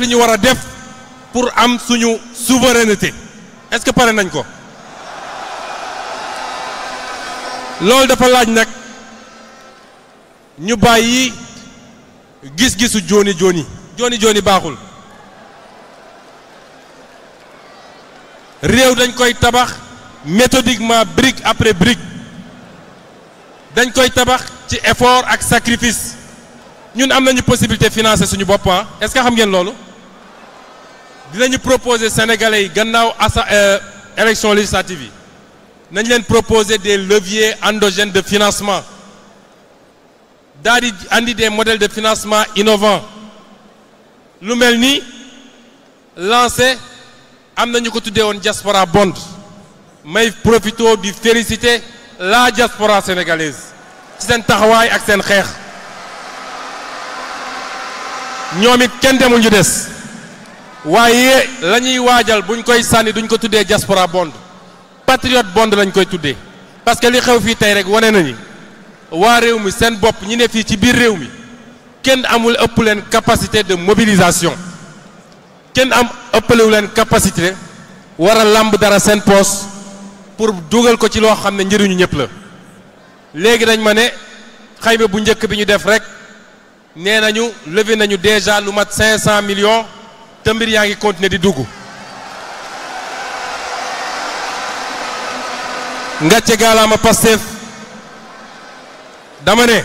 li ñu war a def pour am suñu souveraineté est que pare nañ ko loolu dafa laaj nag ñu bàyyi gis-gisu jooni jooni jooni jooni baaxul réew dañ koy tabax méthodiquement brique après brique dañ koy tabax ci effort ak sacrifice ñun am nañu possibilité financer suñu boppa est-ce que xam ngeen loolu dinañu proposer sénégalais yi gannaaw asa euh, élection législative yi nañ leen proposer des leviers endogènes de financement daal di andi des modèles de financement innovants lu mel nii lancé am nañu ko tuddee woon diaspora bond may profito bi féliciter la diaspora sénégalaise ci seen taxawaay ak seen xeex ñoom it kenn demul ñu des waaye la ñuy waajal buñ koy sànni duñ ko tuddee diaspora bond patriote bond lañ koy tuddee parce que li xew fii tey rek wane nañu waa réew mi seen bopp ñi ne fii ci biir réew mi kenn amul ëpp leen capacité de mobilisation kenn am ëppalewu leen capacité war làmb dara seen poos pour dugal ko ci loo xam ne njëriñu ñëpp la léegi dañ ma ne xayma bu njëkk bi ñu def rek nee nañu levé nañu déjà lu mat 500 millions te mbir yaa ngi continuer di dugg ngàcce gaalaama Pastef dama ne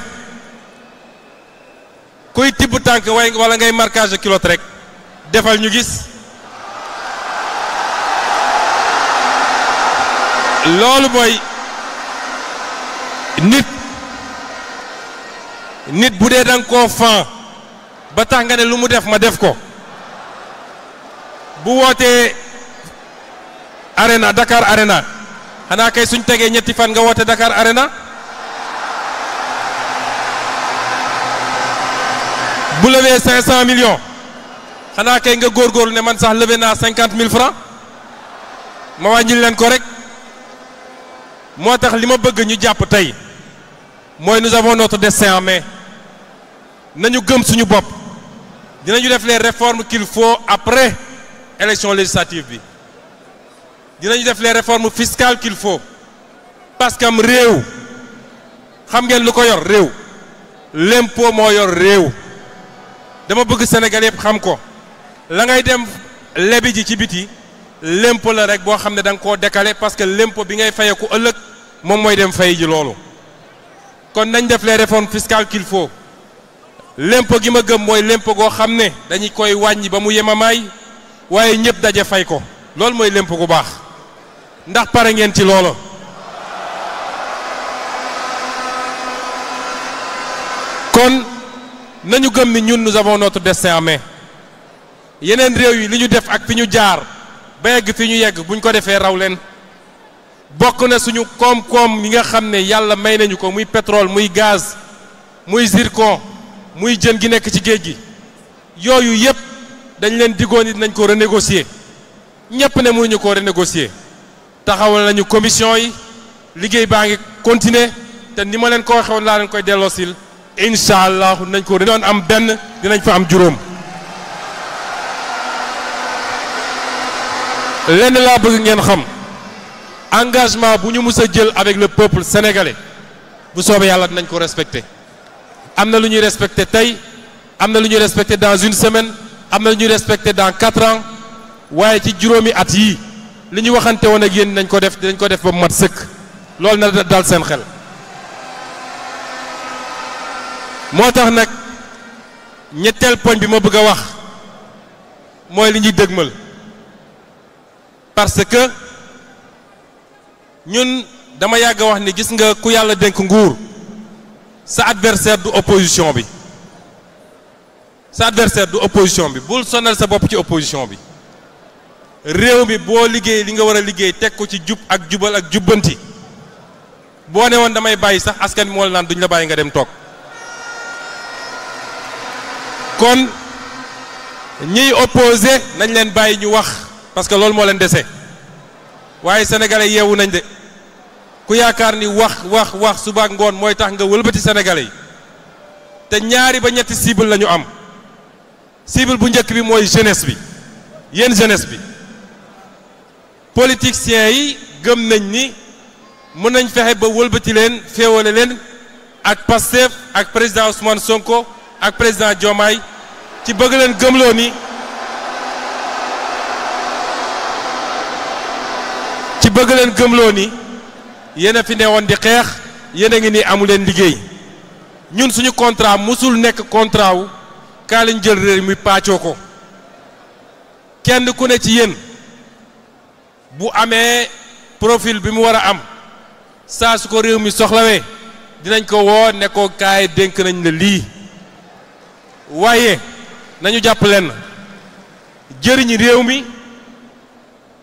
kuy tibb tànk way wala ngay marquage culotte rek defal ñu gis loolu mooy nit nit bu dee danga koo fan ba tax nga ne lu mu def ma def ko bu wootee arena Dakar arena xanaa kay suñ tegee ñetti fan nga woote Dakar arena bu levee 500 millions xanaa kay nga góor góorgóorlu ne man sax levé naa 50 000 ma wàññil leen ko rek moo tax li ma bëgg ñu jàpp tey mooy nous avons notre destin en main nañu gëm suñu bopp dinañu def les réformes qu'il après. élection législative bi dinañu def les réformes fiscales qu'il faut parce que réew xam ngeen lu ko yor réew l'impôt moo yor réew dama bëgg Sénégal yëpp xam ko la ngay dem lebi ji ci biti l'impôt la rek boo xam ne danga ko koo décalé parce que l'impôt bi ngay fayeku ëllëg moom mooy dem fay ji loolu kon nañ def les réformes fiscales qu'il faut gi ma gëm mooy l'impôt goo xam ne dañu koy wàññi ba mu yemamaay waaye ñëpp daje fay ko loolu mooy lémp gu baax ndax pare ngeen ci loolo kon nañu gëm ni ñun nous avons notre destin en yeneen réew yi li ñu def ak fi ñu jaar ba yegg fi ñu yegg buñ ko defee raw leen bokk na suñu koom-koom yi nga xam ne yàlla may nañu ko muy pétrole muy gaz muy zircon muy jën gi nekk ci géej gi yooyu yépp dañ leen diggoon yi dinañ ko renégocier ñëpp ne mënuñu ko renégocier taxawal nañu commission yi liggéey baa ngi continuer te ni ma leen ko waxee woon laa leen koy delloosil incha allah nañ ko doon am benn dinañ fa am juróom. lenn laa bëgg ngeen xam engagement bu ñu mus jël avec le peuple sénégalais bu soobee yàlla dinañ ko respecter am na lu ñuy respecter tey am na lu ñuy respecter dans une semaine. am na ñuy respecté dans quatre ans waaye ci juróomi at yii li ñu waxante woon ak yéen nañ ko def dañ ko def ba mu mat sëkk loolu na dal seen xel moo tax nag ñetteel poñ bi ma bëgg a wax mooy li ñuy dëgmal parce que ñun dama yàgg wax ni gis nga ku yàlla dénk nguur sa adversaire du opposition bi sa adversaire du opposition bi bul sonal sa bopp ci opposition bi réew mi boo liggéey li nga war a liggéey teg ko ci jub ak jubal ak jubbanti boo ne woon damay bàyyi sax askan wi moo la naan duñ la bàyyi nga dem toog kon ñiy opposé nañ leen bàyyi ñu wax parce que loolu moo leen dese waaye sénégalais yeewu nañ de ku yaakaar ni wax wax wax suba ak ngoon mooy tax nga wëlbati sénégalais yi te ñaari ba ñetti cible la ñu am. cible bu njëkk bi mooy jeunesse bi yéen jeunesse bi politiciens yi gëm nañ ni mën nañ fexe ba wëlbati leen féewale leen ak Pastef ak président Ousmane Sonko ak président Diomaye ci bëgg leen gëmloo ni ci bëgg leen gëmloo ni yéen a fi newoon di xeex yéen a ngi ni amul leen liggéey ñun suñu contrat mosul nekk contrat wu kaa lañ jël réew mi paccoo ko kenn ku ne ci yéen bu amee profil bi mu war a am saa su ko réew mi soxlawee dinañ ko woo nekkookaay ko kaay dénk nañ la lii waaye nañu jàpp lenn jëriñ réew mi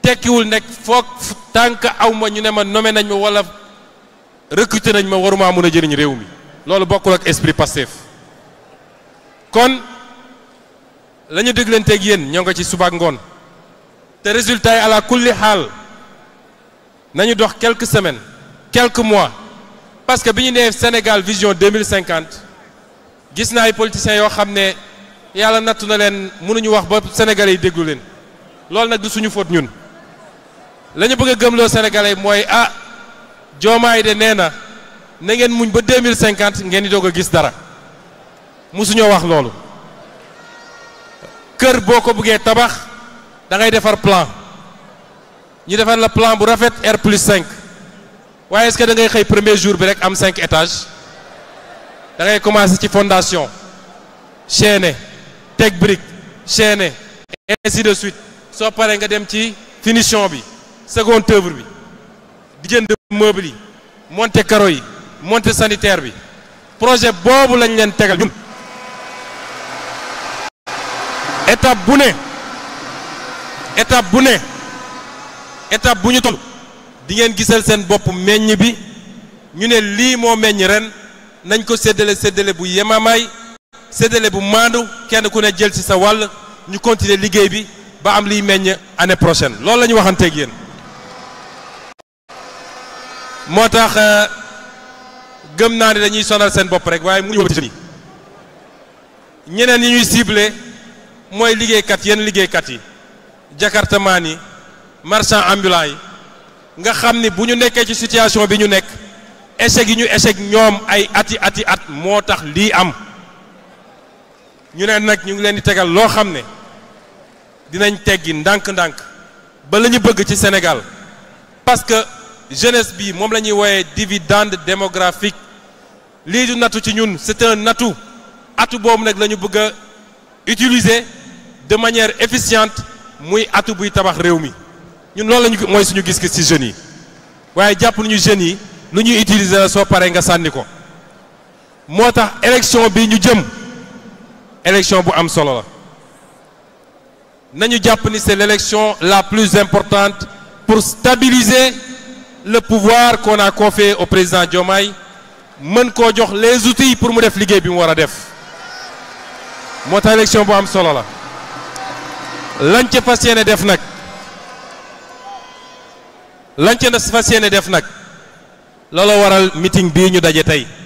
tekkiwul nekk foog tànk aw ma ñu ne ma nome nañ ma wala recruté nañ ma waruma mën a jëriñ réew mi loolu bokkul ak esprit Pastef kon la ñu déglanteeg yéen ñoo nga ci suba ngoon te résultat yi ala kulli xaal nañu dox quelque semaine quelque mois parce que bi ñu nee Sénégal vision 2050 gis naa ay politiciens yoo xam ne yàlla nattu na leen mënuñu wax ba sénégalais yi déglu leen loolu nag di suñu fóot ñun la ñu bëgg a gëmloo sénégalais mooy ah joomaay de nee na na ngeen muñ ba 2050 ngeen di doog a gis dara musuñoo wax loolu kër boo ko buggee tabax da ngay defar plan ñu defar la plan bu rafet R plus cinq waaye est-ce que da ngay xëy premier jour bi rek am cinq étages da ngay commencer ci fondation chaîner teg brique chaîner et ainsi de suite soo paree nga dem ci finition bi seconde œuvre bi di jënd meuble yi monter carreaux yi monter sanitaire bi projet boobu lañ leen tegal étape bu ne étape bu ne étape bu ñu toll dingeen gisal seen bopp meññ bi ñu ne lii moo meññ ren nañ ko séddale séddale bu yemamaay séddale bu maandu kenn ku ne jël ci sa wàll ñu continuer liggéey bi ba am liy meññ année prochaine loolu la ñu waxanteeg yéen. moo tax euh, gëm naa ni dañuy sonal seen bopp rek waaye mu ñëw ñeneen ñi ñuy ciblé. mooy liggéeykat yenn liggéeykat yi jakartamaan yi marchand ambulant yi nga xam ni bu ñu nekkee ci situation bi ñu nekk échec yi ñu échec ñoom ay ati ati at moo tax lii am ñu ne nag ñu ngi leen di tegal loo xam ne dinañ teggi ndànk-ndànk ba la bëgg ci Sénégal parce que jeunesse bi moom la ñuy wooyee dividende démographique lii du nattu ci ñun c'est un nattu atu boobu nag lañu ñu bëgg a utiliser de manière efficiente muy atu buy tabax réew mi ñun loolu lañu mooy suñu gis-gis ci jeunes yi waaye jàpp nañu jeunes yi lu ñuy utiliser la soo paree nga sànni ko moo tax élection bi ñu jëm élection bu am solo la nañu jàpp ni c'est l'élection la plus importante pour stabiliser le pouvoir qu'on a confié au président Diomaye mën koo jox les outils pour mu def liggéey bi mu war a def moo tax élection bu am solo la lañ ca fas yéene def nag lañ ca fas yéene def nag loolu waral meeting bi ñu daje tey